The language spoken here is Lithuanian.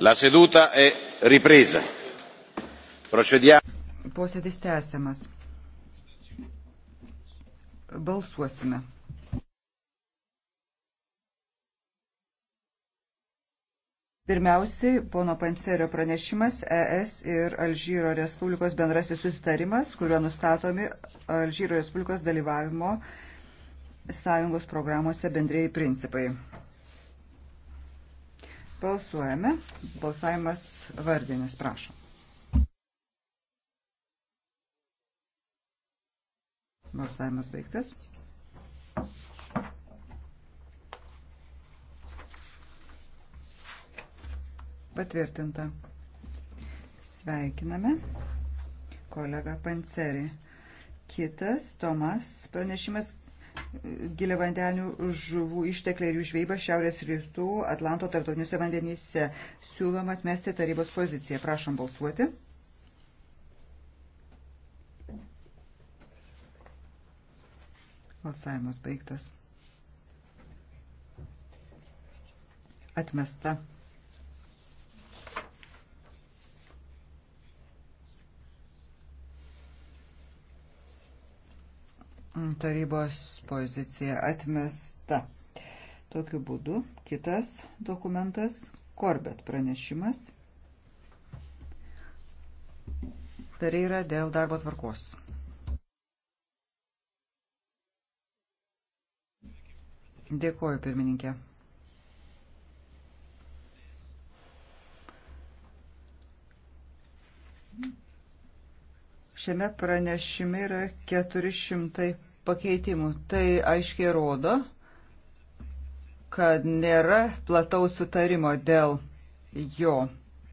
La seduta è ripresa. Procediamo. Posėdis tęsiamas. Balsuosime. Pirmiausiai, pono Panserio pranešimas ES ir Alžyro Respublikos bendrasis susitarimas, kuriuo nustatomi Alžyro Respublikos dalyvavimo sąjungos programuose bendrėjai principai. Balsuojame. Balsavimas vardinis, prašom. Balsavimas baigtas. Patvirtinta. Sveikiname kolegą Pancerį. Kitas Tomas pranešimas giliavandenių žuvų ištekliai ir jų žvejyba šiaurės rytų Atlanto tarptautiniuose vandenyse. Siūlom atmesti tarybos poziciją. Prašom balsuoti. Balsavimas baigtas. Atmesta. Tarybos pozicija atmesta. Tokiu būdu kitas dokumentas Korbet pranešimas. Pereira tai dėl darbo tvarkos. Dėkuoju, pirmininkė. Šiame pranešime yra 400 pakeitimų. Tai aiškiai rodo, kad nėra plataus sutarimo dėl jo.